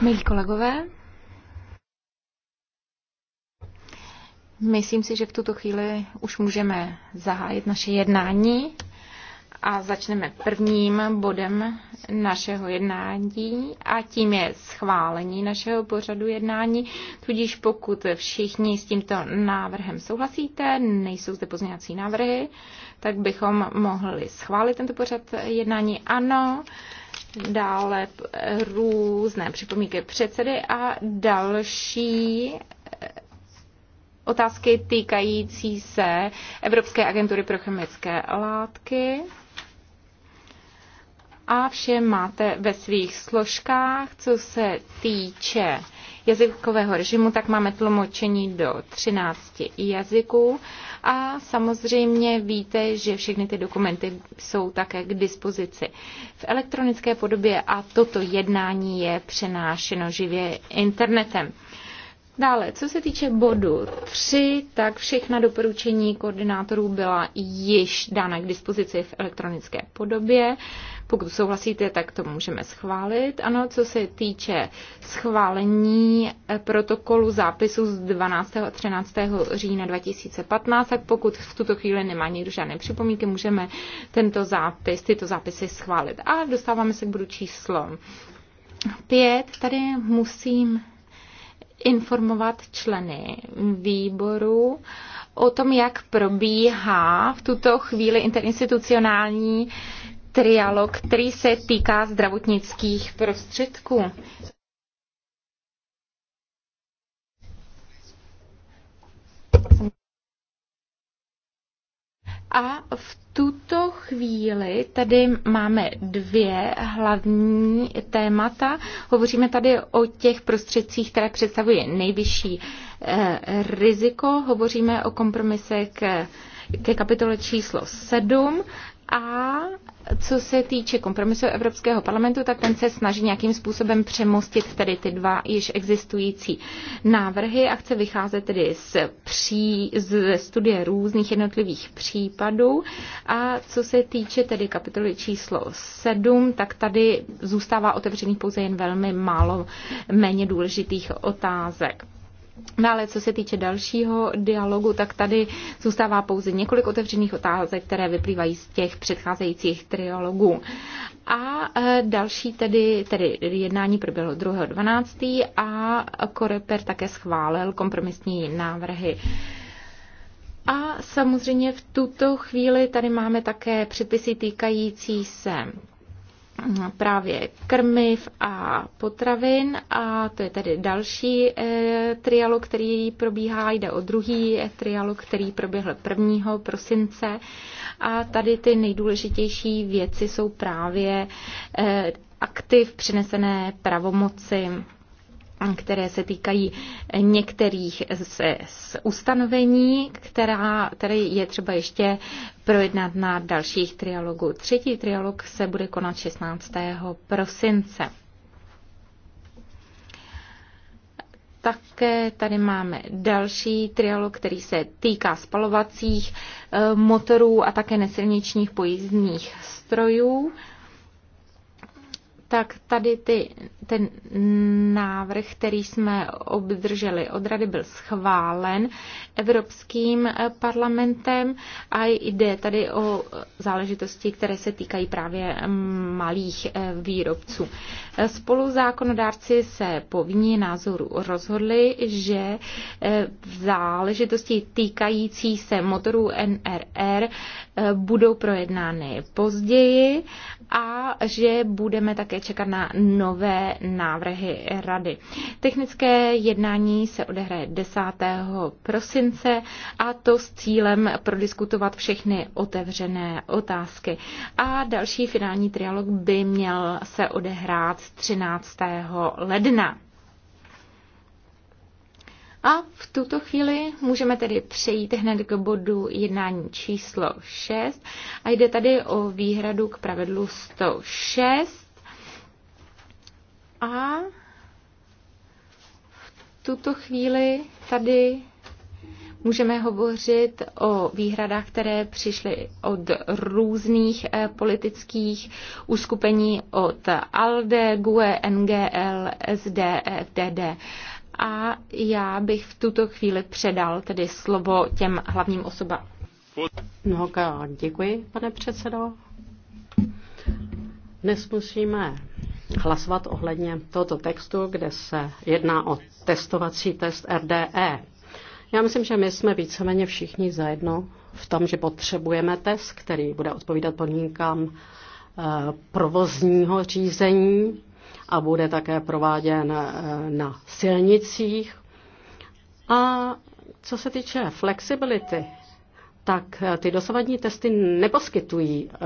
Milí kolegové, myslím si, že v tuto chvíli už můžeme zahájit naše jednání a začneme prvním bodem našeho jednání a tím je schválení našeho pořadu jednání. Tudíž pokud všichni s tímto návrhem souhlasíte, nejsou zde pozměňovací návrhy, tak bychom mohli schválit tento pořad jednání. Ano, dále různé připomínky předsedy a další eh, otázky týkající se Evropské agentury pro chemické látky. A vše máte ve svých složkách, co se týče jazykového režimu, tak máme tlumočení do 13 jazyků a samozřejmě víte, že všechny ty dokumenty jsou také k dispozici v elektronické podobě a toto jednání je přenášeno živě internetem. Dále, co se týče bodu 3, tak všechna doporučení koordinátorů byla již dána k dispozici v elektronické podobě. Pokud souhlasíte, tak to můžeme schválit. Ano, co se týče schválení eh, protokolu zápisu z 12. a 13. října 2015, tak pokud v tuto chvíli nemá nikdo žádné připomínky, můžeme tento zápis, tyto zápisy schválit. A dostáváme se k bodu číslo 5. Tady musím informovat členy výboru o tom, jak probíhá v tuto chvíli interinstitucionální trialog, který se týká zdravotnických prostředků. A v tuto chvíli tady máme dvě hlavní témata. Hovoříme tady o těch prostředcích, které představují nejvyšší eh, riziko. Hovoříme o kompromisech ke kapitole číslo 7 a co se týče kompromisu Evropského parlamentu, tak ten se snaží nějakým způsobem přemostit tedy ty dva již existující návrhy a chce vycházet tedy z, pří, z studie různých jednotlivých případů. A co se týče tedy kapitoly číslo 7, tak tady zůstává otevřených pouze jen velmi málo méně důležitých otázek. No ale co se týče dalšího dialogu, tak tady zůstává pouze několik otevřených otázek, které vyplývají z těch předcházejících triologů. A e, další tedy, tedy jednání proběhlo 2.12. a Koreper také schválil kompromisní návrhy. A samozřejmě v tuto chvíli tady máme také předpisy týkající se právě krmiv a potravin a to je tedy další e, trialog, který probíhá, jde o druhý e, trialog, který proběhl 1. prosince a tady ty nejdůležitější věci jsou právě e, aktiv přenesené pravomoci které se týkají některých z, z ustanovení, která, tady je třeba ještě projednat na dalších trialogů. Třetí trialog se bude konat 16. prosince. Také tady máme další trialog, který se týká spalovacích eh, motorů a také nesilničních pojízdních strojů tak tady ty, ten návrh, který jsme obdrželi od rady, byl schválen Evropským eh, parlamentem a jde tady o záležitosti, které se týkají právě mm, malých eh, výrobců. Eh, Spolu zákonodárci se po názoru rozhodli, že v záležitosti týkající se motorů NRR budou projednány později a že budeme také čekat na nové návrhy rady. Technické jednání se odehraje 10. prosince a to s cílem prodiskutovat všechny otevřené otázky. A další finální trialog by měl se odehrát 13. ledna. A v tuto chvíli můžeme tedy přejít hned k bodu jednání číslo 6 a jde tady o výhradu k pravidlu 106 a v tuto chvíli tady Můžeme hovořit o výhradách, které přišly od různých eh, politických uskupení, od ALDE, GUE, NGL, SD, e, FDD. A já bych v tuto chvíli předal tedy slovo těm hlavním osobám. Mnohokrát děkuji, pane předsedo. Dnes musíme hlasovat ohledně tohoto textu, kde se jedná o testovací test RDE. Já myslím, že my jsme víceméně všichni zajedno v tom, že potřebujeme test, který bude odpovídat podmínkám eh, provozního řízení a bude také prováděn eh, na silnicích. A co se týče flexibility tak eh, ty dosavadní testy neposkytují eh,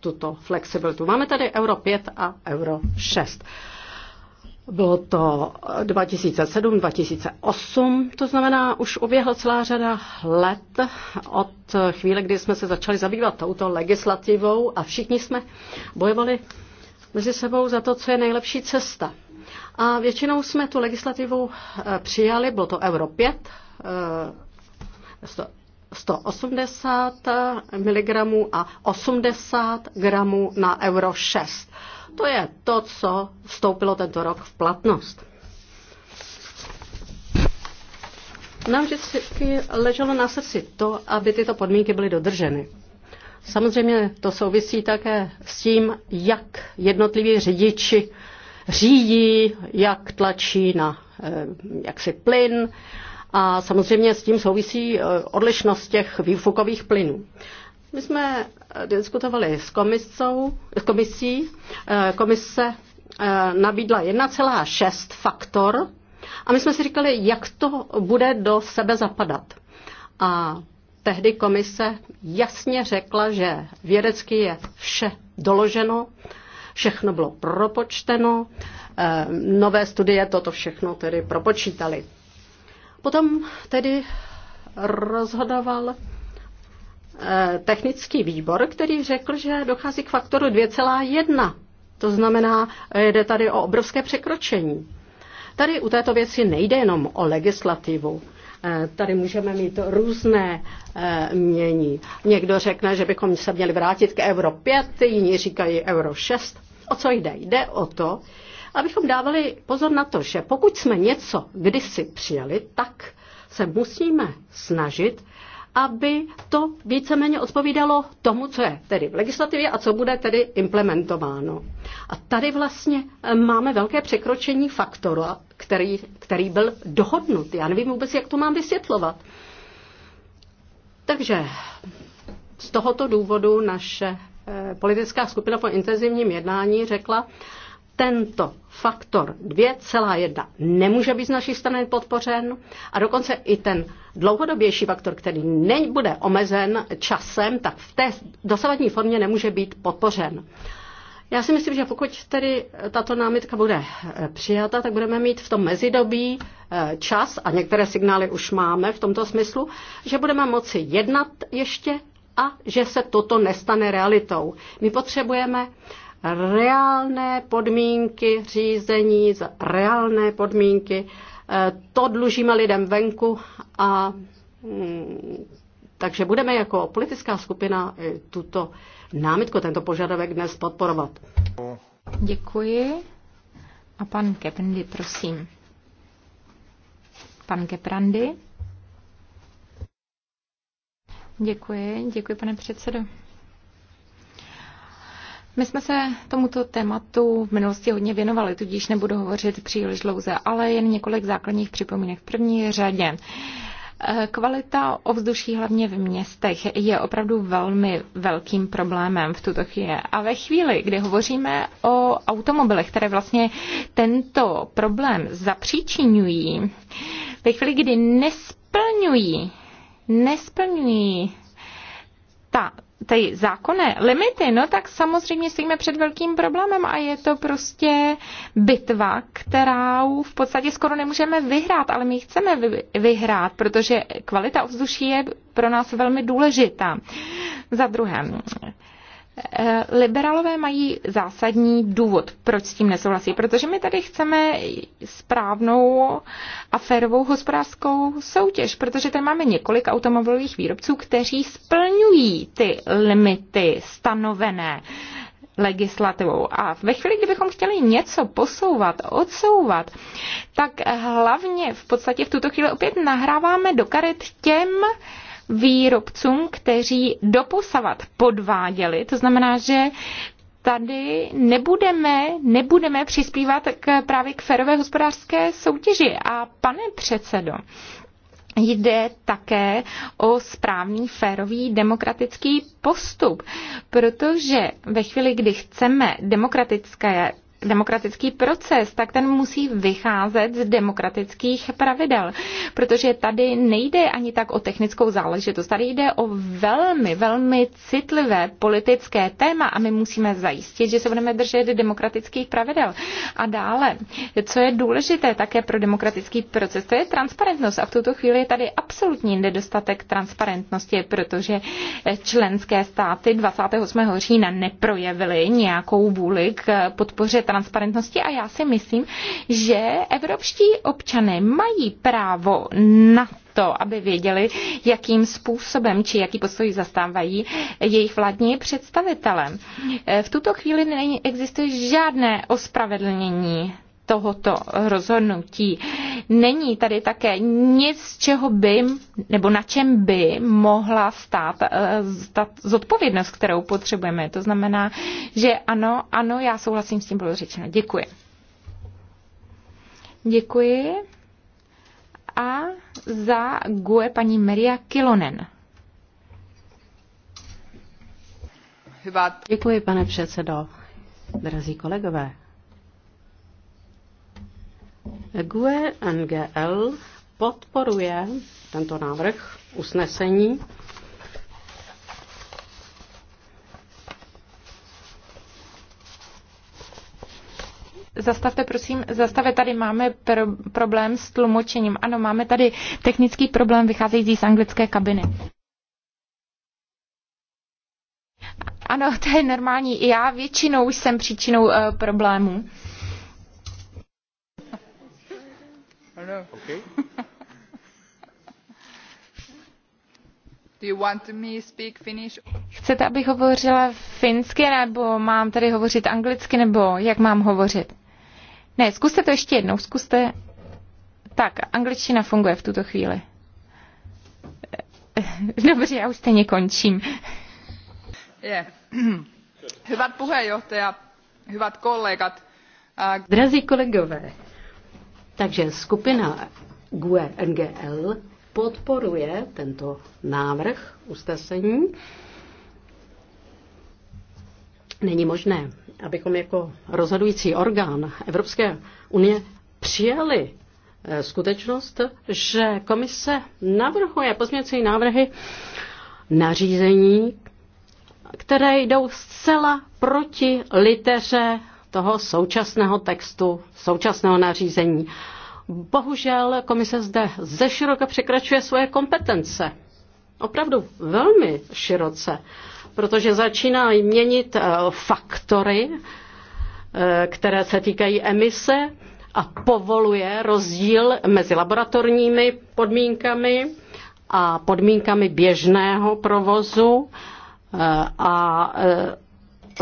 tuto flexibilitu. Máme tady Euro 5 a Euro 6. Bylo to 2007, eh, 2008, to znamená, už uběhla celá řada let od chvíle, kdy jsme se začali zabývat touto legislativou a všichni jsme bojovali mezi sebou za to, co je nejlepší cesta. A většinou jsme tu legislativu přijali, bylo to Euro 5, 180 mg a 80 gramů na euro 6. To je to, co vstoupilo tento rok v platnost. Nám vždycky leželo na srdci to, aby tyto podmínky byly dodrženy. Samozřejmě to souvisí také s tím, jak jednotliví řidiči řídí, jak tlačí na eh, jaksi plyn a samozřejmě s tím souvisí e, odlišnost těch výfukových plynů. My jsme e, diskutovali s, komisou, s komisí. E, komise nabídla 1,6 faktor a my jsme si říkali, jak to bude do sebe zapadat. A tehdy komise jasně řekla, že vědecky je vše doloženo, všechno bylo propočteno, nové studie toto všechno tedy propočítali. Potom tedy rozhodoval eh, technický výbor, který řekl, že dochází k faktoru 2,1. To znamená, eh, jde tady o obrovské překročení. Tady u této věci nejde jenom o legislativu. Eh, tady můžeme mít různé mění. Někdo řekne, že bychom se měli vrátit k euro 5, jiní říkají euro 6. O co jde? Jde o to, abychom dávali pozor na to, že pokud jsme něco kdysi přijeli, tak se musíme snažit, aby to víceméně odpovídalo tomu, co je tedy v legislativě a co bude tedy implementováno. A tady vlastně eh, máme velké překročení faktoru, který, který byl dohodnut. Já nevím vůbec, jak to mám vysvětlovat. Takže z tohoto důvodu naše eh, politická skupina po intenzivním jednání řekla, tento faktor 2,1 nemůže být z naší strany podpořen a dokonce i ten dlouhodobější faktor, který nebude omezen časem, tak v té dosavadní formě nemůže být podpořen. Já si myslím, že pokud tedy tato námitka bude eh, přijata, tak budeme mít v tom mezidobí eh, čas, a některé signály už máme v tomto smyslu, že budeme moci jednat ještě a že se toto nestane realitou. My potřebujeme reálné podmínky řízení, za reálné podmínky. Eh, to dlužíme lidem venku a mm, takže budeme jako politická skupina eh, tuto námitku, tento požadavek dnes podporovat. Děkuji. A pan Keprandy, prosím. Pan Keprandy. Děkuji, děkuji pane předsedo. My jsme se tomuto tématu v minulosti hodně věnovali, tudíž nebudu hovořit příliš dlouze, ale jen několik základních připomínek v první řadě. Eh, kvalita ovzduší hlavně v městech je opravdu velmi velkým problémem v tuto chvíli. A ve chvíli, kdy hovoříme o automobilech, které vlastně tento problém zapříčinují, ve chvíli, kdy nesplňují, nesplňují ta ty zákonné limity, no tak samozřejmě stojíme před velkým problémem a je to prostě bitva, kterou v podstatě skoro nemůžeme vyhrát, ale my chceme vyhrát, protože kvalita ovzduší je pro nás velmi důležitá. Za druhé, Eh, liberálové mají zásadní důvod, proč s tím nesouhlasí, protože my tady chceme správnou a férovou hospodářskou soutěž, protože tady máme několik automobilových výrobců, kteří splňují ty limity stanovené legislativou. A ve chvíli, kdybychom chtěli něco posouvat, odsouvat, tak hlavně v podstatě v tuto chvíli opět nahráváme do karet těm, výrobcům, kteří doposavat podváděli. To znamená, že tady nebudeme, nebudeme přispívat k, právě k ferové hospodářské soutěži. A pane předsedo, Jde také o správný, férový, demokratický postup, protože ve chvíli, kdy chceme demokratické demokratický proces, tak ten musí vycházet z demokratických pravidel, protože tady nejde ani tak o technickou záležitost, tady jde o velmi, velmi citlivé politické téma a my musíme zajistit, že se budeme držet demokratických pravidel. A dále, co je důležité také pro demokratický proces, to je transparentnost a v tuto chvíli je tady absolutní nedostatek transparentnosti, protože členské státy 28. října neprojevily nějakou vůli k podpoře transparentnosti a já si myslím, že evropští občané mají právo na to, aby věděli, jakým způsobem či jaký postoj zastávají jejich vládní představitelé. E, v tuto chvíli neexistuje žádné ospravedlnění tohoto rozhodnutí. Není tady také nic, z čeho by, nebo na čem by mohla stát eh, ta zodpovědnost, kterou potřebujeme. To znamená, že ano, ano, já souhlasím s tím, bylo řečeno. Děkuji. Děkuji. A za GUE paní Maria Kilonen. Děkuji, pane předsedo. Drazí kolegové, GUE NGL podporuje tento návrh usnesení. Zastavte, prosím, zastavte, tady máme pro- problém s tlumočením. Ano, máme tady technický problém vycházející z anglické kabiny. Ano, to je normální. Já většinou jsem příčinou uh, eh, problému. Chcete, abych hovořila finsky, nebo mám tady hovořit anglicky, nebo jak mám hovořit? Ne, zkuste to ještě jednou, zkuste. Tak, angličtina funguje v tuto chvíli. Eh, dobře, já už stejně končím. Je. Hyvät puheenjohtaja, hyvät kolegat. Drazí kolegové, takže skupina GUE NGL podporuje tento návrh usnesení. Není možné, abychom jako rozhodující orgán Evropské unie přijali eh, skutečnost, že komise navrhuje pozměňující návrhy nařízení, které jdou zcela proti liteře toho současného textu, současného nařízení. Bohužel komise zde ze široka překračuje svoje kompetence. Opravdu velmi široce, protože začíná měnit eh, faktory, eh, které se týkají emise a povoluje rozdíl mezi laboratorními podmínkami a podmínkami běžného provozu eh, a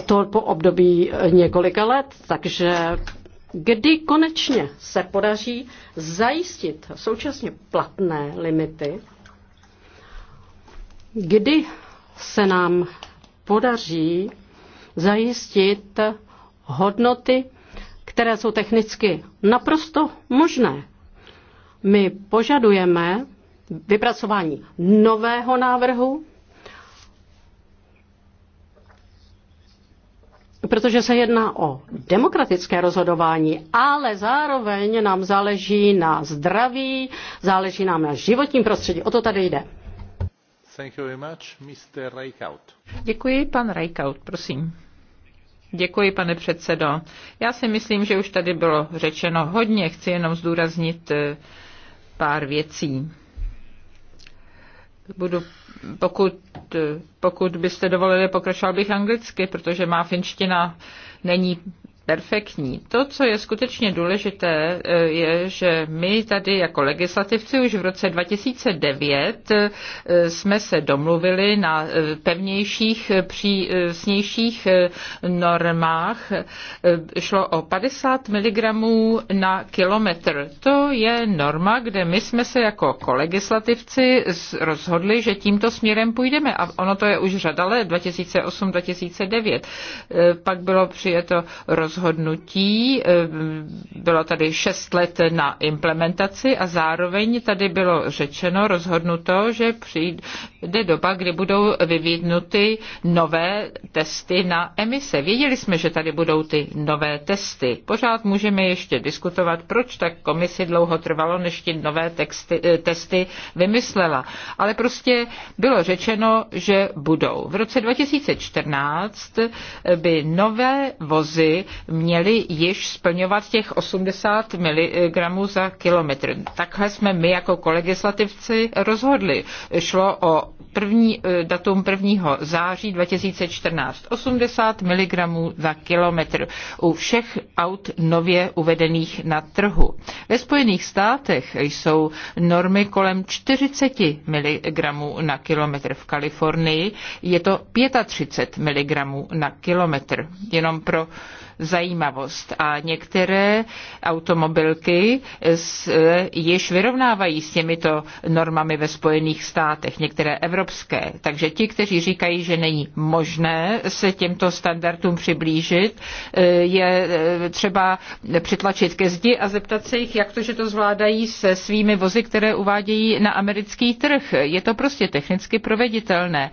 to po období eh, několika let, takže kdy konečně se podaří zajistit současně platné limity, kdy se nám podaří zajistit hodnoty, které jsou technicky naprosto možné. My požadujeme vypracování nového návrhu protože se jedná o demokratické rozhodování, ale zároveň nám záleží na zdraví, záleží nám na životním prostředí. O to tady jde. Thank you very much, Mr. Děkuji, pan Reikaut, prosím. Děkuji, pane předsedo. Já si myslím, že už tady bylo řečeno hodně, chci jenom zdůraznit eh, pár věcí. Budu pokud, eh, pokud byste dovolili, pokračoval bych anglicky, protože má finština není perfektní. To, co je skutečně důležité, eh, je, že my tady jako legislativci už v roce 2009 eh, jsme se domluvili na eh, pevnějších, přísnějších normách. Šlo o 50 mg na kilometr. To je norma, kde my jsme se jako kolegislativci rozhodli, že tímto směrem půjdeme. A ono to je už řada let, 2008-2009. Pak bylo přijeto rozhodnutí rozhodnutí. Eh, bylo tady šest let na implementaci a zároveň tady bylo řečeno, rozhodnuto, že přijde doba, kdy budou vyvinuty nové testy na emise. Věděli jsme, že tady budou ty nové testy. Pořád můžeme ještě diskutovat, proč tak komisi dlouho trvalo, než ti nové texty, eh, testy vymyslela. Ale prostě bylo řečeno, že budou. V roce 2014 by nové vozy měli již splňovat těch 80 mg za kilometr. Takhle jsme my jako kolegislativci rozhodli. Šlo o první, eh, datum 1. září 2014. 80 mg za kilometr u všech aut nově uvedených na trhu. Ve Spojených státech jsou normy kolem 40 mg na kilometr. V Kalifornii je to 35 mg na kilometr. Jenom pro zajímavost. A některé automobilky již vyrovnávají s těmito normami ve Spojených státech, některé evropské. Takže ti, kteří říkají, že není možné se těmto standardům přiblížit, eh, je eh, třeba přitlačit ke zdi a zeptat se jich, jak to, že to zvládají se svými vozy, které uvádějí na americký trh. Je to prostě technicky proveditelné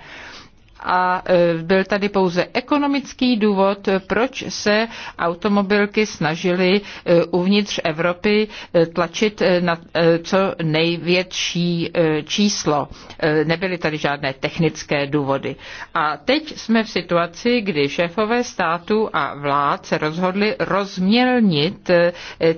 a e, byl tady pouze ekonomický důvod, proč se automobilky snažily e, uvnitř Evropy e, tlačit na co největší číslo. Nebyly tady žádné technické důvody. A teď jsme v situaci, kdy šéfové státu a vlád se rozhodli rozmělnit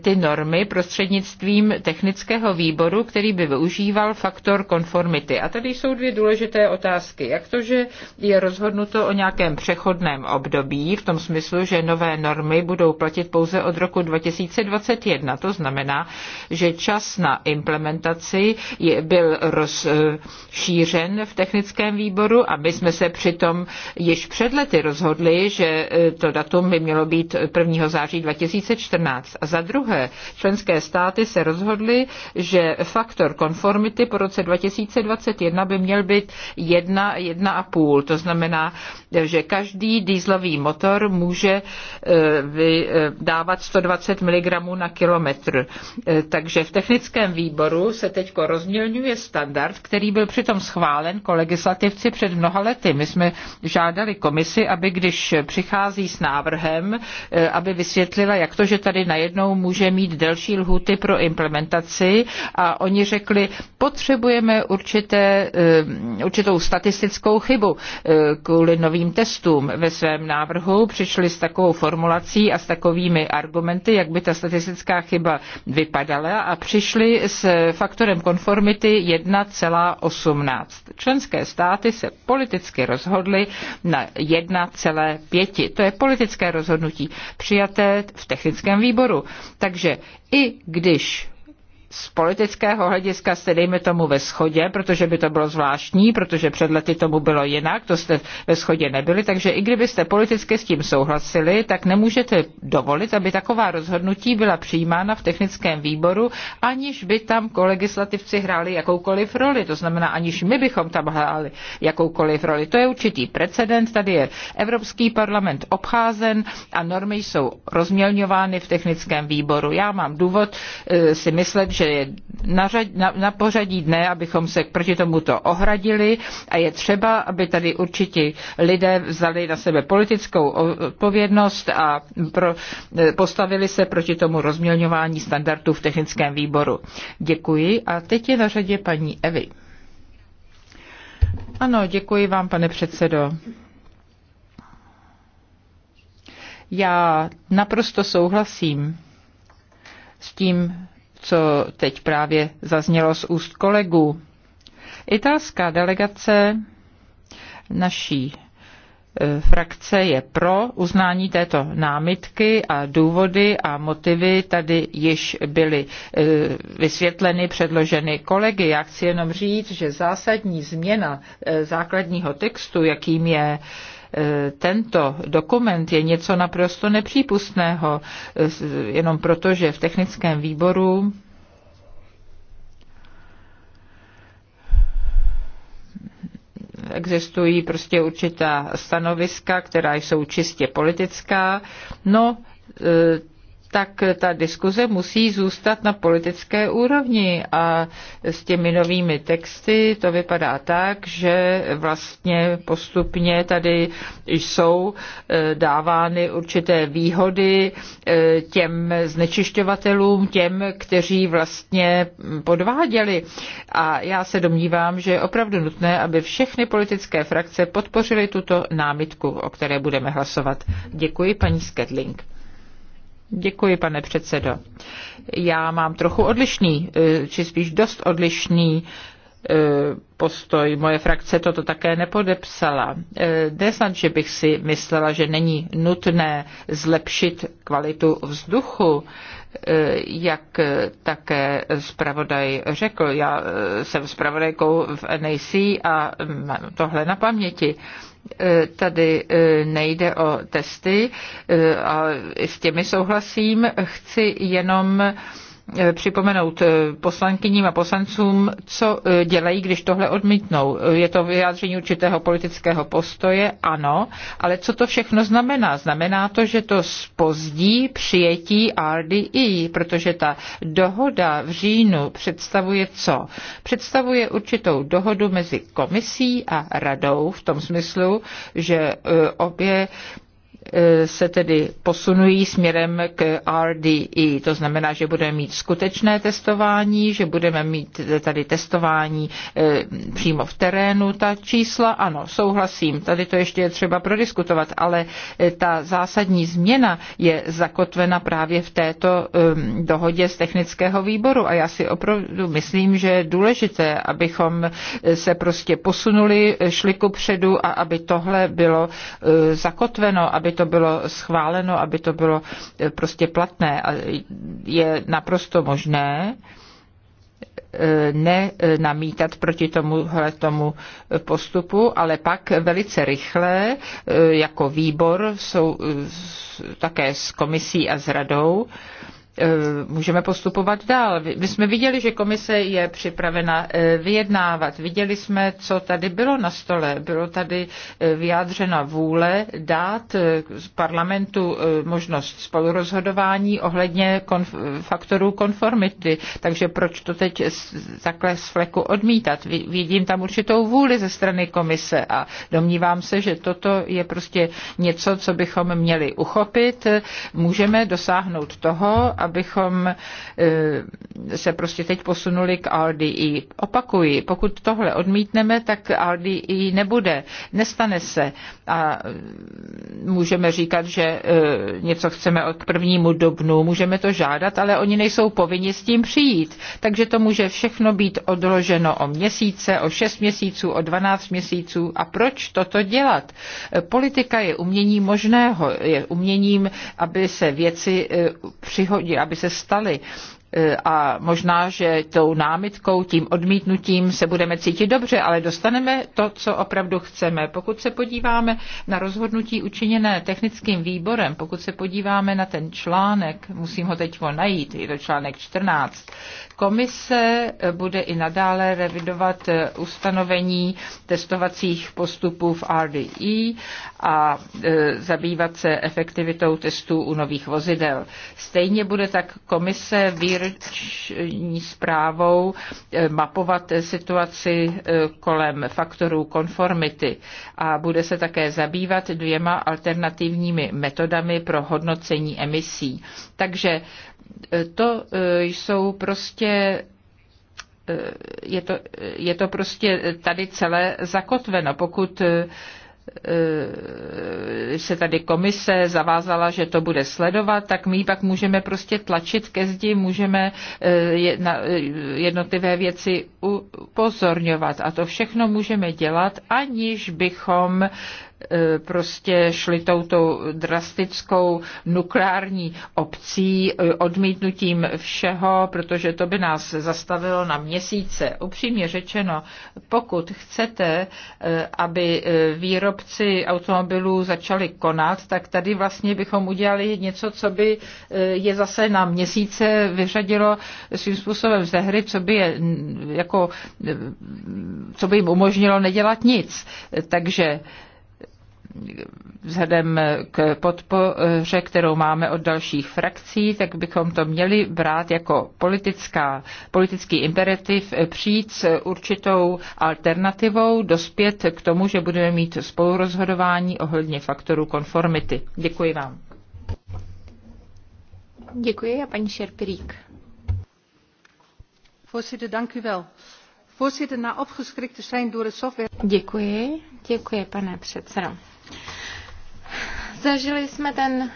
ty normy prostřednictvím technického výboru, který by využíval faktor konformity. A tady jsou dvě důležité otázky. Jak to, že je rozhodnuto o nějakém přechodném období v tom smyslu, že nové normy budou platit pouze od roku 2021. To znamená, že čas na implementaci je, byl rozšířen v technickém výboru a my jsme se přitom již před lety rozhodli, že e, to datum by mělo být 1. září 2014. A za druhé, členské státy se rozhodly, že faktor konformity po roce 2021 by měl být 1,5 to znamená, že každý dýzlový motor může e, e, dávat 120 mg na kilometr. E, takže v technickém výboru se teď rozmělňuje standard, který byl přitom schválen legislativci před mnoha lety. My jsme žádali komisi, aby když přichází s návrhem, aby vysvětlila, jak to, že tady najednou může mít delší lhuty pro implementaci a oni řekli, potřebujeme určité, určitou statistickou chybu kvůli novým testům. Ve svém návrhu přišli s takovou formulací a s takovými argumenty, jak by ta statistická chyba vypadala a přišli s faktorem konformity 1,18. Členské státy se politicky rozhodly na 1,5. To je politické rozhodnutí přijaté v technickém výboru. Takže i když z politického hlediska jste, dejme tomu, ve schodě, protože by to bylo zvláštní, protože před lety tomu bylo jinak, to jste ve schodě nebyli, takže i kdybyste politicky s tím souhlasili, tak nemůžete dovolit, aby taková rozhodnutí byla přijímána v technickém výboru, aniž by tam kolegislativci hráli jakoukoliv roli, to znamená, aniž my bychom tam hráli jakoukoliv roli. To je určitý precedent, tady je Evropský parlament obcházen a normy jsou rozmělňovány v technickém výboru. Já mám důvod eh, si myslet, že čili na, řad, na, na pořadí dne, abychom se proti tomuto ohradili a je třeba, aby tady určitě lidé vzali na sebe politickou odpovědnost a pro, e, postavili se proti tomu rozmělňování standardů v technickém výboru. Děkuji a teď je na řadě paní Evy. Ano, děkuji vám, pane předsedo. Já naprosto souhlasím s tím, co teď právě zaznělo z úst kolegů. Italská delegace naší e, frakce je pro uznání této námitky a důvody a motivy tady již byly e, vysvětleny, předloženy kolegy. Já chci jenom říct, že zásadní změna e, základního textu, jakým je tento dokument je něco naprosto nepřípustného, jenom proto, že v technickém výboru existují prostě určitá stanoviska, která jsou čistě politická. No, tak ta diskuze musí zůstat na politické úrovni a s těmi novými texty to vypadá tak, že vlastně postupně tady jsou e, dávány určité výhody e, těm znečišťovatelům, těm, kteří vlastně podváděli. A já se domnívám, že je opravdu nutné, aby všechny politické frakce podpořily tuto námitku, o které budeme hlasovat. Děkuji, paní Skedling. Děkuji, pane předsedo. Já mám trochu odlišný, eh, či spíš dost odlišný eh, postoj. Moje frakce toto také nepodepsala. Eh, nesnad, že bych si myslela, že není nutné zlepšit kvalitu vzduchu, jak také zpravodaj řekl. Já jsem zpravodajkou v NAC a mám tohle na paměti. E, tady e, nejde o testy e, a s těmi souhlasím. Chci jenom Eh, připomenout eh, poslankyním a poslancům, co eh, dělají, když tohle odmítnou. Je to vyjádření určitého politického postoje, ano, ale co to všechno znamená? Znamená to, že to spozdí přijetí RDI, e, protože ta dohoda v říjnu představuje co? Představuje určitou dohodu mezi komisí a radou v tom smyslu, že obě Eh, se tedy posunují směrem k RDE. To znamená, že budeme mít skutečné testování, že budeme mít tady testování eh, přímo v terénu. Ta čísla, ano, souhlasím, tady to ještě je třeba prodiskutovat, ale eh, ta zásadní změna je zakotvena právě v této dohodě z technického výboru a já si opravdu myslím, že je důležité, abychom se prostě posunuli, šli ku předu a aby tohle bylo zakotveno, aby to bylo schváleno, aby to bylo eh, prostě platné. A je naprosto možné, eh, nenamítat eh, proti tomuhle tomu postupu, ale pak velice rychle jako výbor jsou také s komisí a s radou E, můžeme postupovat dál. My jsme viděli, že komise je připravena e, vyjednávat. Viděli jsme, co tady bylo na stole. Bylo tady e, vyjádřena vůle dát parlamentu možnost spolurozhodování ohledně konf- faktorů konformity. Takže proč to teď takhle z fleku odmítat? Vidím tam určitou vůli ze strany komise a domnívám se, že toto je prostě něco, co bychom měli uchopit. Můžeme dosáhnout toho, abychom eh, se prostě teď posunuli k RDI. E. Opakuji, pokud tohle odmítneme, tak RDI e nebude, nestane se. A eh, můžeme říkat, že eh, něco chceme od prvnímu dubnu, můžeme to žádat, ale oni nejsou povinni s tím přijít. Takže to může všechno být odloženo o měsíce, o 6 měsíců, o 12 měsíců. A proč toto dělat? Politika je umění možného, je uměním, aby se věci přihodily technologie, aby se staly e, a možná, že tou námitkou, tím odmítnutím se budeme cítit dobře, ale dostaneme to, co opravdu chceme. Pokud se podíváme na rozhodnutí učiněné technickým výborem, pokud se podíváme na ten článek, musím ho teď najít, je to článek 14, Komise bude i nadále revidovat eh, ustanovení testovacích postupů v RDE a eh, zabývat se efektivitou testů u nových vozidel. Stejně bude tak komise výroční zprávou eh, mapovat situaci kolem faktorů konformity a bude se také zabývat dvěma alternativními metodami pro hodnocení emisí. Takže E, to e, jsou prostě e, je to, je to prostě tady celé zakotveno. Pokud se tady komise zavázala, že to bude sledovat, tak my pak můžeme prostě tlačit ke zdi, můžeme jednotlivé věci upozorňovat. A to všechno můžeme dělat, aniž bychom E, prostě šli touto drastickou nukleární opcí, e, odmítnutím všeho, protože to by nás zastavilo na měsíce. Upřímně řečeno, pokud chcete, e, aby výrobci automobilů začali konat, tak tady vlastně bychom udělali něco, co by je zase na měsíce vyřadilo svým způsobem ze hry, co by je jako, co by jim umožnilo nedělat nic. Takže vzhledem k podpoře, kterou máme od dalších frakcí, tak bychom to měli brát jako politická, politický imperativ, přijít s určitou alternativou, dospět k tomu, že budeme mít spolurozhodování ohledně faktorů konformity. Děkuji vám. Děkuji a paní Šerpirík. Voorzitter, dank u wel. Voorzitter, na opgeschrikte zijn door software... Děkuji, děkuji pane předsedo. Zažili jsme ten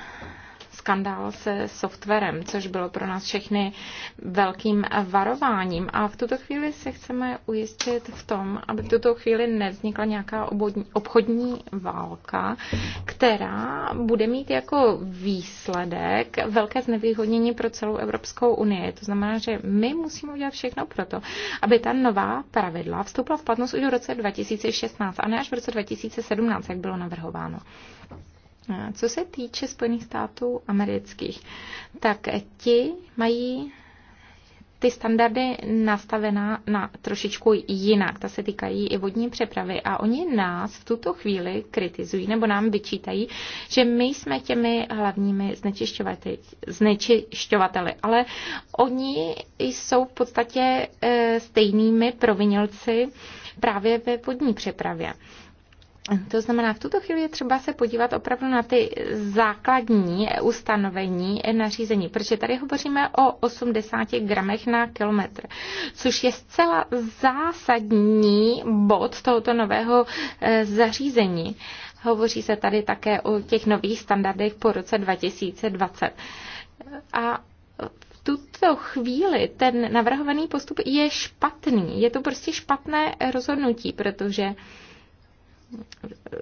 skandál se softwarem, což bylo pro nás všechny velkým varováním. A v tuto chvíli se chceme ujistit v tom, aby v tuto chvíli nevznikla nějaká obchodní válka, která bude mít jako výsledek velké znevýhodnění pro celou Evropskou unii. To znamená, že my musíme udělat všechno pro to, aby ta nová pravidla vstoupila v platnost už v roce 2016 a ne až v roce 2017, jak bylo navrhováno. Co se týče Spojených států amerických, tak ti mají ty standardy nastavená na trošičku jinak. Ta se týkají i vodní přepravy a oni nás v tuto chvíli kritizují nebo nám vyčítají, že my jsme těmi hlavními znečišťovateli, ale oni jsou v podstatě eh, stejnými provinilci právě ve vodní přepravě. To znamená, v tuto chvíli je třeba se podívat opravdu na ty základní ustanovení nařízení, protože tady hovoříme o 80 gramech na kilometr, což je zcela zásadní bod tohoto nového eh, zařízení. Hovoří se tady také o těch nových standardech po roce 2020. A v tuto chvíli ten navrhovaný postup je špatný. Je to prostě špatné rozhodnutí, protože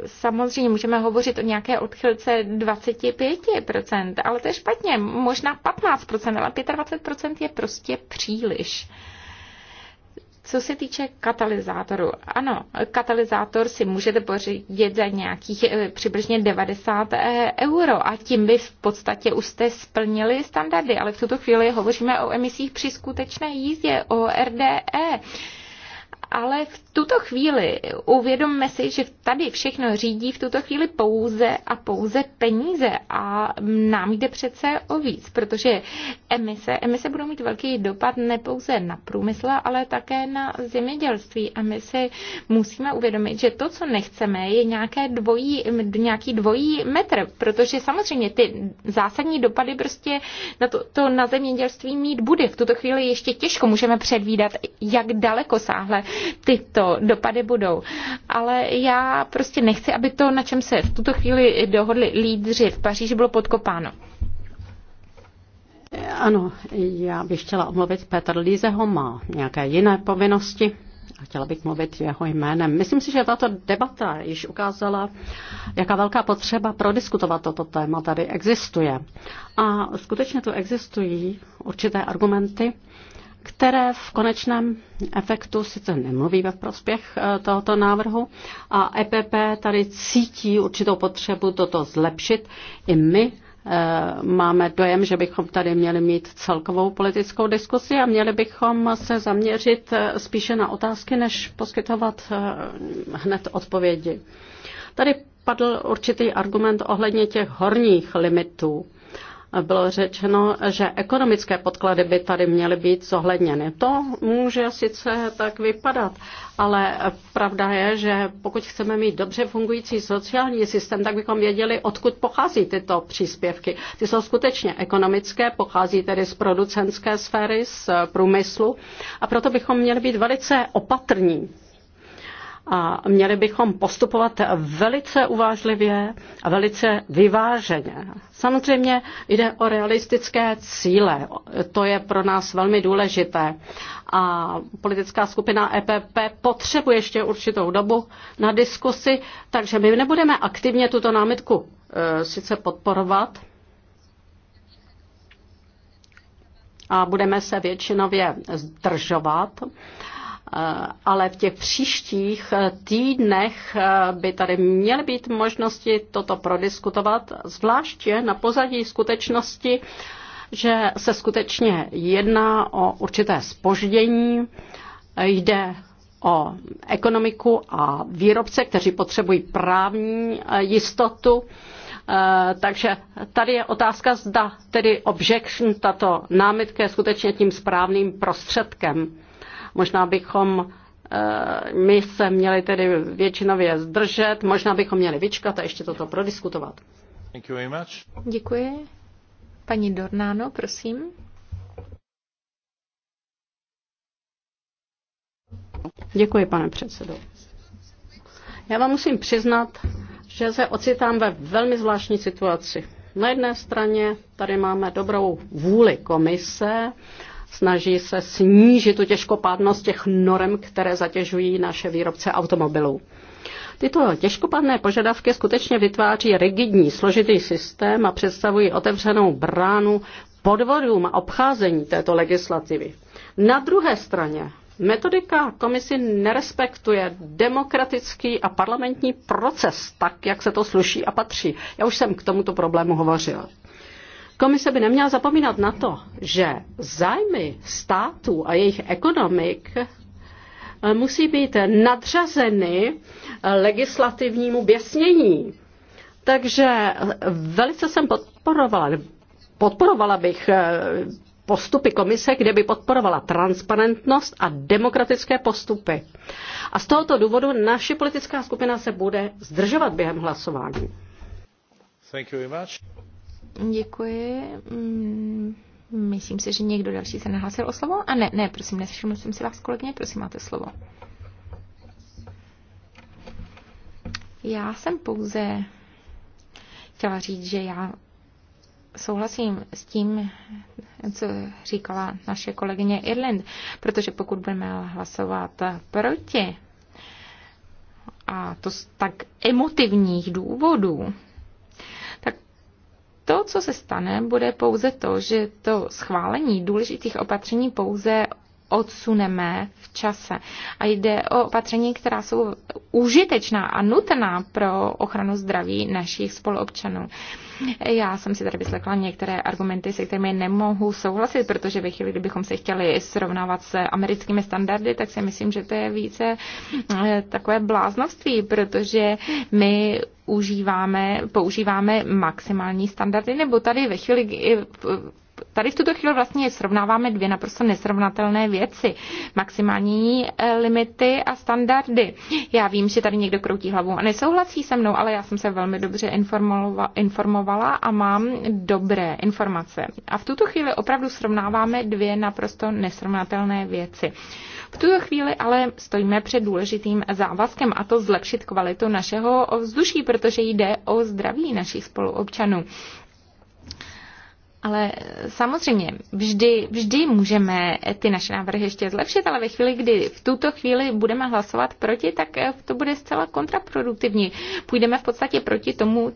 samozřejmě můžeme hovořit o nějaké odchylce 25%, ale to je špatně, možná 15%, ale 25% je prostě příliš. Co se týče katalyzátoru, ano, katalyzátor si můžete pořídit za nějakých eh, přibližně 90 eh, euro a tím by v podstatě už jste splnili standardy, ale v tuto chvíli hovoříme o emisích při skutečné jízdě, o RDE ale v tuto chvíli uvědomme si, že tady všechno řídí v tuto chvíli pouze a pouze peníze a nám jde přece o víc, protože emise, emise budou mít velký dopad nepouze na průmysl, ale také na zemědělství a my si musíme uvědomit, že to, co nechceme, je nějaké dvojí, nějaký dvojí metr, protože samozřejmě ty zásadní dopady prostě na to, to na zemědělství mít bude. V tuto chvíli ještě těžko můžeme předvídat, jak daleko sáhle tyto dopady budou. Ale já prostě nechci, aby to, na čem se v tuto chvíli dohodli lídři v Paříži, bylo podkopáno. Ano, já bych chtěla omluvit Petr Lízeho, má nějaké jiné povinnosti a chtěla bych mluvit jeho jménem. Myslím si, že tato debata již ukázala, jaká velká potřeba prodiskutovat toto téma tady existuje. A skutečně tu existují určité argumenty, které v konečném efektu sice nemluví ve prospěch eh, tohoto návrhu a EPP tady cítí určitou potřebu toto zlepšit. I my eh, máme dojem, že bychom tady měli mít celkovou politickou diskusi a měli bychom se zaměřit eh, spíše na otázky, než poskytovat hned odpovědi. Tady padl určitý argument ohledně těch horních limitů bylo řečeno, že ekonomické podklady by tady měly být zohledněny. To může sice tak vypadat, ale pravda je, že pokud chceme mít dobře fungující sociální systém, tak bychom věděli, odkud pochází tyto příspěvky. Ty jsou skutečně ekonomické, pochází tedy z producentské sféry, z průmyslu a proto bychom měli být velice opatrní a měli bychom postupovat velice uvážlivě a velice vyváženě. Samozřejmě jde o realistické cíle, to je pro nás velmi důležité a politická skupina EPP potřebuje ještě určitou dobu na diskusi, takže my nebudeme aktivně tuto námitku e, sice podporovat, a budeme se většinově zdržovat, Eh, ale v těch příštích eh, týdnech eh, by tady měly být možnosti toto prodiskutovat, zvláště na pozadí skutečnosti, že se skutečně jedná o určité spoždění, jde o ekonomiku a výrobce, kteří potřebují právní jistotu. Takže tady je otázka, zda tedy objection, tato námitka je skutečně tím správným prostředkem. Možná bychom eh, my se měli tedy většinově zdržet, možná bychom měli vyčkat a ještě toto prodiskutovat. Thank you very much. Děkuji. Paní Dornáno, prosím. Děkuji, pane předsedo. Já vám musím přiznat, že se ocitám ve velmi zvláštní situaci. Na jedné straně tady máme dobrou vůli komise snaží se snížit tu těžkopádnost těch norem, které zatěžují naše výrobce automobilů. Tyto těžkopádné požadavky skutečně vytváří rigidní, složitý systém a představují otevřenou bránu podvodům a obcházení této legislativy. Na druhé straně Metodika komisi nerespektuje demokratický a parlamentní proces tak, jak se to sluší a patří. Já už jsem k tomuto problému hovořila. Komise by neměla zapomínat na to, že zájmy států a jejich ekonomik eh, musí být nadřazeny eh, legislativnímu běsnění. Takže eh, velice jsem podporovala, podporovala bych postupy komise, kde by podporovala transparentnost a demokratické postupy. A z tohoto důvodu naše politická skupina se bude zdržovat během hlasování. Thank you very much. Děkuji. Mm, myslím si, že někdo další se nahlásil o slovo. A ne, ne, prosím, neslyšel jsem si vás, kolegyně, prosím, máte slovo. Já jsem pouze chtěla říct, že já souhlasím s tím, co říkala naše kolegyně Irland, protože pokud budeme hlasovat proti a to z tak emotivních důvodů, to, co se stane, bude pouze to, že to schválení důležitých opatření pouze odsuneme v čase. A jde o opatření, která jsou užitečná a nutná pro ochranu zdraví našich spoluobčanů. Já jsem si tady vyslechla některé argumenty, se kterými nemohu souhlasit, protože ve chvíli, kdybychom se chtěli srovnávat s americkými standardy, tak si myslím, že to je více eh, takové bláznoství, protože my užíváme, používáme maximální standardy, nebo tady ve chvíli, eh, tady v tuto chvíli vlastně srovnáváme dvě naprosto nesrovnatelné věci. Maximální eh, limity a standardy. Já vím, že tady někdo kroutí hlavou a nesouhlasí se mnou, ale já jsem se velmi dobře informovala a mám dobré informace. A v tuto chvíli opravdu srovnáváme dvě naprosto nesrovnatelné věci. V tuto chvíli ale stojíme před důležitým závazkem a to zlepšit kvalitu našeho ovzduší, protože jde o zdraví našich spoluobčanů. Ale samozřejmě, vždy, vždy můžeme ty naše návrhy ještě zlepšit, ale ve chvíli, kdy v tuto chvíli budeme hlasovat proti, tak eh, to bude zcela kontraproduktivní. Půjdeme v podstatě proti tomu,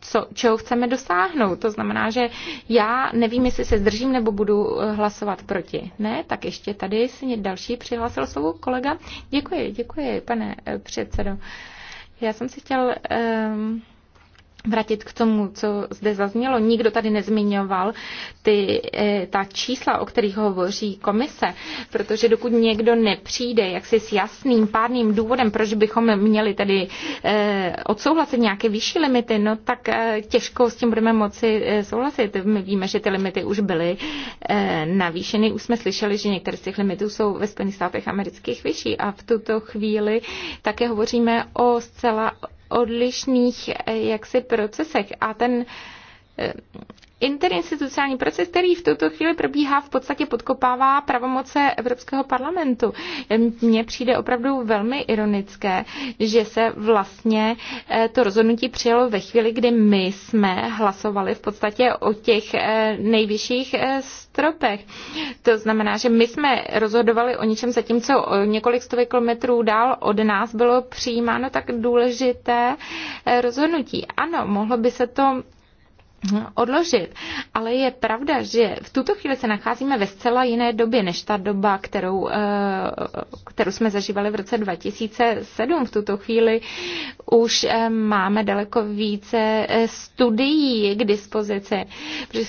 co, čeho chceme dosáhnout. To znamená, že já nevím, jestli se zdržím nebo budu eh, hlasovat proti. Ne, tak ještě tady si další přihlásil svou kolega. Děkuji, děkuji, pane eh, předsedo. Já jsem si chtěl. Um vrátit k tomu, co zde zaznělo. Nikdo tady nezmiňoval ty, eh, ta čísla, o kterých hovoří komise, protože dokud někdo nepřijde jaksi s jasným pádným důvodem, proč bychom měli tedy eh, odsouhlasit nějaké vyšší limity, no tak eh, těžko s tím budeme moci souhlasit. My víme, že ty limity už byly navýšeny. Už jsme slyšeli, že některé z těch limitů jsou ve Spojených státech amerických vyšší a v tuto chvíli také hovoříme o zcela odlišných eh, jaksi procesech a ten interinstitucionální proces, který v tuto chvíli probíhá, v podstatě podkopává pravomoce Evropského parlamentu. Mně přijde opravdu velmi ironické, že se vlastně eh, to rozhodnutí přijalo ve chvíli, kdy my jsme hlasovali v podstatě o těch eh, nejvyšších eh, stropech. To znamená, že my jsme rozhodovali o něčem, zatímco o několik stovek kilometrů dál od nás bylo přijímáno tak důležité rozhodnutí. Ano, mohlo by se to odložit. Ale je pravda, že v tuto chvíli se nacházíme ve zcela jiné době, než ta doba, kterou, eh, kterou jsme zažívali v roce 2007. V tuto chvíli už eh, máme daleko více eh, studií k dispozici.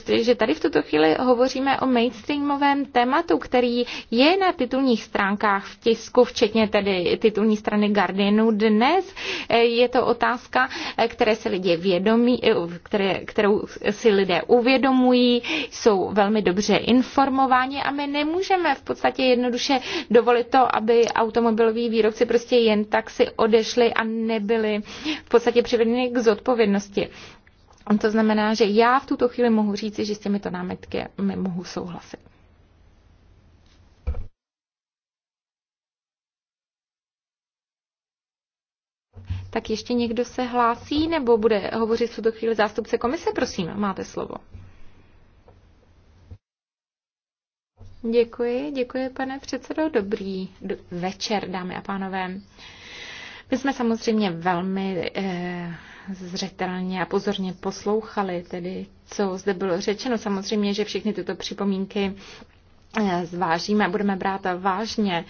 Protože tady v tuto chvíli hovoříme o mainstreamovém tématu, který je na titulních stránkách v tisku, včetně tedy titulní strany Guardianu dnes. Je to otázka, které se lidi vědomí, které, kterou si lidé uvědomují, jsou velmi dobře informováni a my nemůžeme v podstatě jednoduše dovolit to, aby automobiloví výrobci prostě jen tak si odešli a nebyli v podstatě přivedeni k zodpovědnosti. To znamená, že já v tuto chvíli mohu říci, že s těmito námitky mohu souhlasit. Tak ještě někdo se hlásí nebo bude hovořit v tuto chvíli zástupce komise? Prosím, máte slovo. Děkuji, děkuji pane předsedo. Dobrý večer, dámy a pánové. My jsme samozřejmě velmi eh, zřetelně a pozorně poslouchali tedy, co zde bylo řečeno. Samozřejmě, že všechny tyto připomínky zvážíme, budeme brát vážně.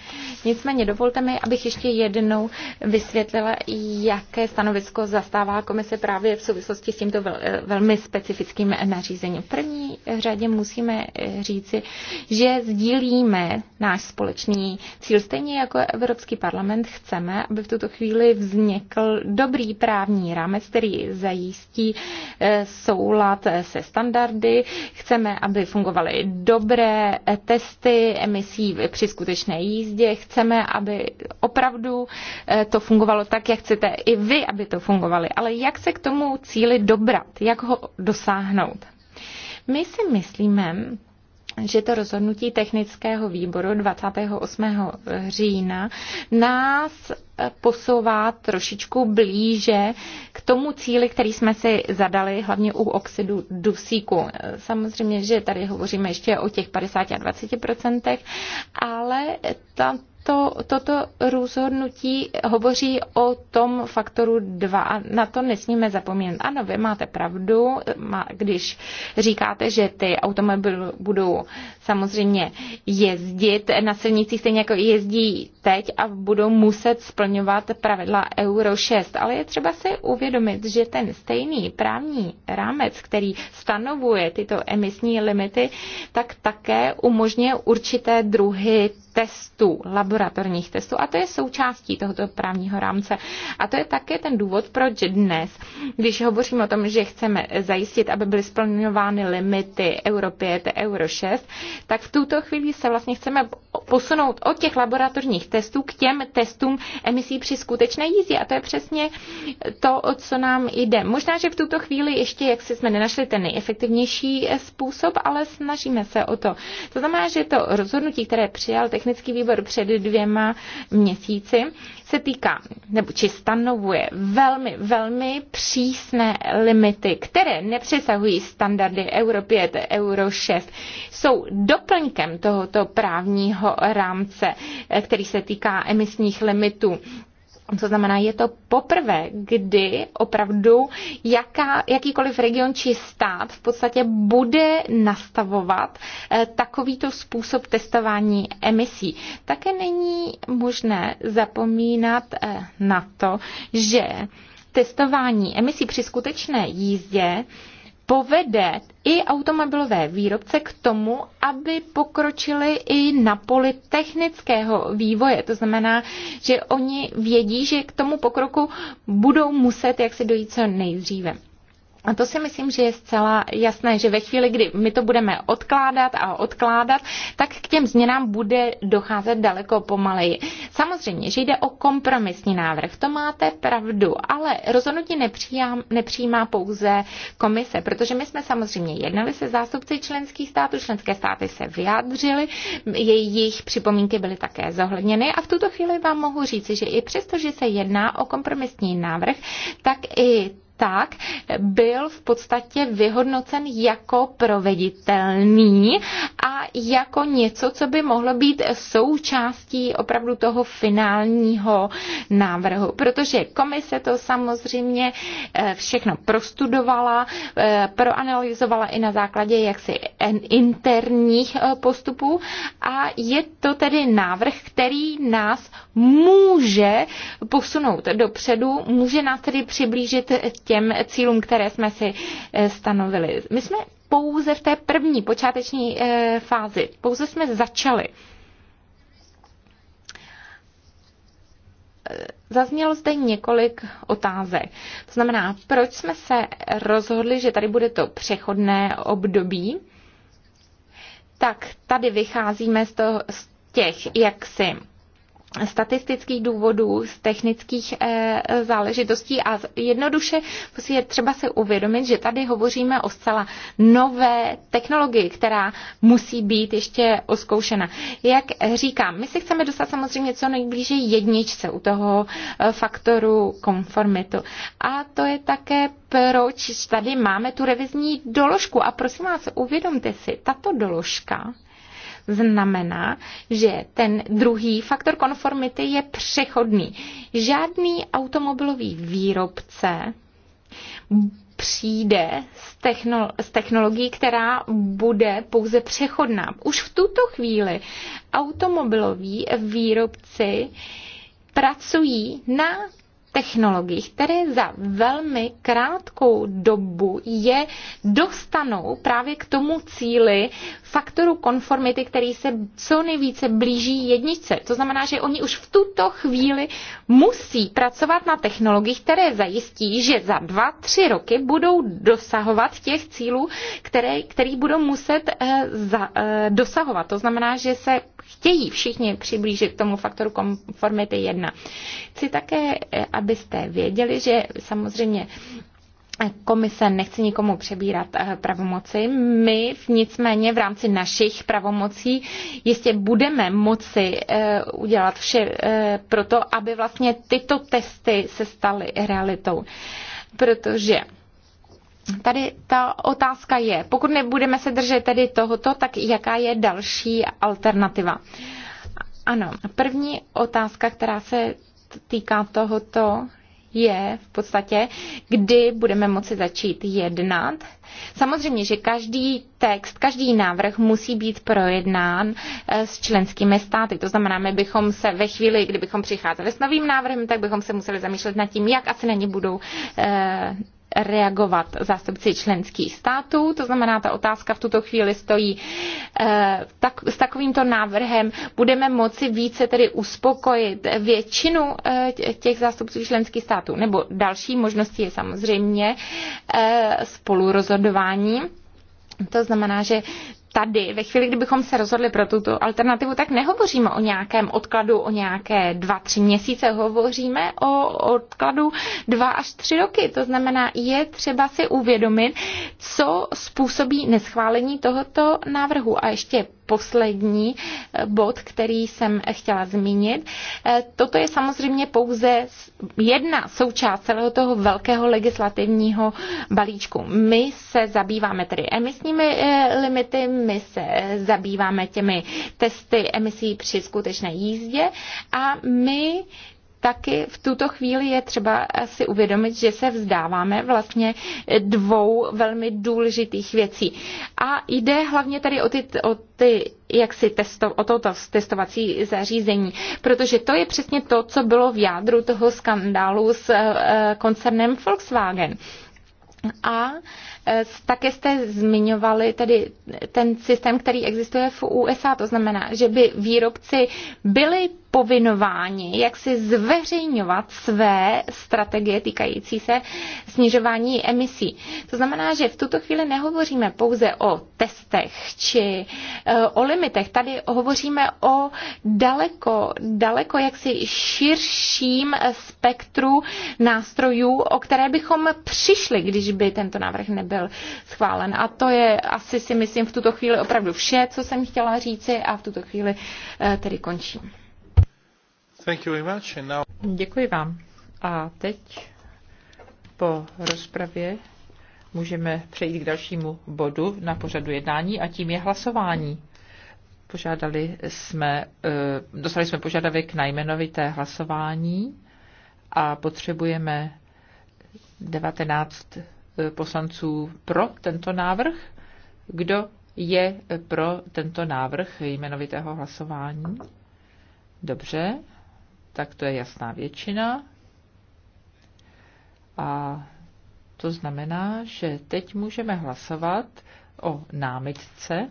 Nicméně dovolte mi, abych ještě jednou vysvětlila, jaké stanovisko zastává komise právě v souvislosti s tímto velmi specifickým nařízením. V první řadě musíme říci, že sdílíme náš společný cíl. Stejně jako Evropský parlament chceme, aby v tuto chvíli vznikl dobrý právní rámec, který zajistí eh, soulad se standardy. Chceme, aby fungovaly dobré testy emisí při skutečné jízdě. Chceme, aby opravdu eh, to fungovalo tak, jak chcete i vy, aby to fungovalo. Ale jak se k tomu cíli dobrat? Jak ho dosáhnout? My si myslíme, že to rozhodnutí technického výboru 28. října nás posouvá trošičku blíže k tomu cíli, který jsme si zadali, hlavně u oxidu dusíku. Samozřejmě, že tady hovoříme ještě o těch 50 a 20 procentech, ale ta, to, toto rozhodnutí hovoří o tom faktoru 2 a na to nesmíme zapomínat. Ano, vy máte pravdu, když říkáte, že ty automobily budou samozřejmě jezdit na silnicích stejně jako jezdí teď a budou muset splňovat pravidla Euro 6, ale je třeba si uvědomit, že ten stejný právní rámec, který stanovuje tyto emisní limity, tak také umožňuje určité druhy testů, lab laboratorních testů a to je součástí tohoto právního rámce. A to je také ten důvod, proč dnes, když hovoříme o tom, že chceme zajistit, aby byly splňovány limity Euro 5, Euro 6, tak v tuto chvíli se vlastně chceme posunout od těch laboratorních testů k těm testům emisí při skutečné jízdě. A to je přesně to, o co nám jde. Možná, že v tuto chvíli ještě, jak si jsme nenašli ten nejefektivnější způsob, ale snažíme se o to. To znamená, že to rozhodnutí, které přijal technický výbor před dvěma měsíci, se týká, nebo či stanovuje velmi, velmi přísné limity, které nepřesahují standardy Euro 5, Euro 6. Jsou doplňkem tohoto právního rámce, eh, který se týká emisních limitů to znamená, je to poprvé, kdy opravdu jaká, jakýkoliv region či stát v podstatě bude nastavovat eh, takovýto způsob testování emisí. Také není možné zapomínat eh, na to, že testování emisí při skutečné jízdě povede i automobilové výrobce k tomu, aby pokročili i na poli technického vývoje. To znamená, že oni vědí, že k tomu pokroku budou muset jaksi dojít co nejdříve. A to si myslím, že je zcela jasné, že ve chvíli, kdy my to budeme odkládat a odkládat, tak k těm změnám bude docházet daleko pomaleji. Samozřejmě, že jde o kompromisní návrh, to máte pravdu, ale rozhodnutí nepřijímá pouze komise, protože my jsme samozřejmě jednali se zástupci členských států, členské státy se vyjádřily, jejich připomínky byly také zohledněny a v tuto chvíli vám mohu říci, že i přesto, že se jedná o kompromisní návrh, tak i tak byl v podstatě vyhodnocen jako proveditelný a jako něco, co by mohlo být součástí opravdu toho finálního návrhu. Protože komise to samozřejmě eh, všechno prostudovala, eh, proanalyzovala i na základě jaksi interních eh, postupů a je to tedy návrh, který nás může posunout dopředu, může nás tedy přiblížit těm cílům, které jsme si eh, stanovili. My jsme pouze v té první počáteční eh, fázi, pouze jsme začali. Eh, zaznělo zde několik otázek. To znamená, proč jsme se rozhodli, že tady bude to přechodné období? Tak tady vycházíme z, toho, z těch jaksi statistických důvodů, z technických eh, záležitostí a jednoduše je třeba se uvědomit, že tady hovoříme o zcela nové technologii, která musí být ještě oskoušena. Jak říkám, my se chceme dostat samozřejmě co nejblíže jedničce u toho eh, faktoru konformitu. A to je také proč tady máme tu revizní doložku. A prosím vás, uvědomte si, tato doložka znamená, že ten druhý faktor konformity je přechodný. Žádný automobilový výrobce přijde s, technolo- s technologií, která bude pouze přechodná. Už v tuto chvíli automobiloví výrobci pracují na technologiích, které za velmi krátkou dobu je dostanou právě k tomu cíli faktoru konformity, který se co nejvíce blíží jedničce. To znamená, že oni už v tuto chvíli musí pracovat na technologiích, které zajistí, že za dva, tři roky budou dosahovat těch cílů, které, který budou muset eh, za, eh, dosahovat. To znamená, že se chtějí všichni přiblížit k tomu faktoru konformity 1. Chci také, aby eh, abyste věděli, že samozřejmě Komise nechce nikomu přebírat eh, pravomoci. My nicméně v rámci našich pravomocí jistě budeme moci eh, udělat vše eh, proto, aby vlastně tyto testy se staly realitou. Protože Tady ta otázka je, pokud nebudeme se držet tedy tohoto, tak jaká je další alternativa? Ano, první otázka, která se týká tohoto, je v podstatě, kdy budeme moci začít jednat. Samozřejmě, že každý text, každý návrh musí být projednán eh, s členskými státy. To znamená, my bychom se ve chvíli, kdybychom přicházeli s novým návrhem, tak bychom se museli zamýšlet nad tím, jak asi na ně budou eh, reagovat zástupci členských států. To znamená, ta otázka v tuto chvíli stojí eh, tak, s takovýmto návrhem. Budeme moci více tedy uspokojit většinu eh, těch zástupců členských států. Nebo další možností je samozřejmě eh, spolurozhodování. To znamená, že tady, ve chvíli, kdybychom se rozhodli pro tuto alternativu, tak nehovoříme o nějakém odkladu o nějaké dva, tři měsíce, hovoříme o odkladu dva až tři roky. To znamená, je třeba si uvědomit, co způsobí neschválení tohoto návrhu. A ještě poslední eh, bod, který jsem chtěla zmínit. Eh, toto je samozřejmě pouze jedna součást celého toho velkého legislativního balíčku. My se zabýváme tedy emisními eh, limity, my se zabýváme těmi testy emisí při skutečné jízdě a my taky v tuto chvíli je třeba si uvědomit, že se vzdáváme vlastně dvou velmi důležitých věcí. A jde hlavně tady o ty, o ty jak si testo, o toto testovací zařízení, protože to je přesně to, co bylo v jádru toho skandálu s eh, koncernem Volkswagen. A Eh, také jste zmiňovali tedy ten systém, který existuje v USA, to znamená, že by výrobci byli povinováni, jak si zveřejňovat své strategie týkající se snižování emisí. To znamená, že v tuto chvíli nehovoříme pouze o testech či eh, o limitech. Tady hovoříme o daleko, daleko jaksi širším eh, spektru nástrojů, o které bychom přišli, když by tento návrh nebyl byl schválen. A to je asi si myslím v tuto chvíli opravdu vše, co jsem chtěla říci a v tuto chvíli eh, tedy končím. Thank you very much and now... Děkuji vám. A teď po rozpravě můžeme přejít k dalšímu bodu na pořadu jednání a tím je hlasování. Požádali jsme, eh, dostali jsme požadavek na jmenovité hlasování a potřebujeme 19 Eh, poslanců pro tento návrh. Kdo je pro tento návrh jmenovitého hlasování? Dobře, tak to je jasná většina. A to znamená, že teď můžeme hlasovat o námitce.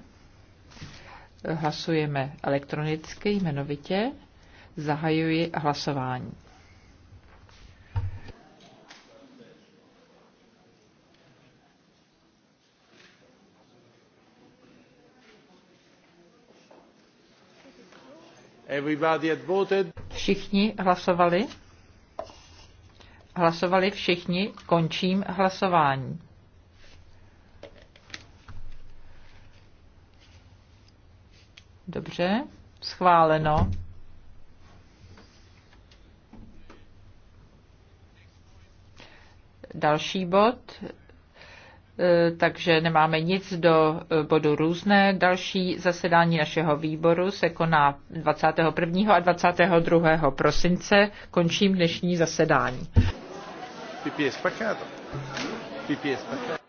Hlasujeme elektronicky, jmenovitě. Zahajuji hlasování. Všichni hlasovali? Hlasovali všichni, končím hlasování. Dobře, schváleno. Další bod E, takže nemáme nic do e, bodu různé. Další zasedání našeho výboru se koná 21. a 22. prosince. Končím dnešní zasedání. Pipi je spakáto. Pipi je spakáto.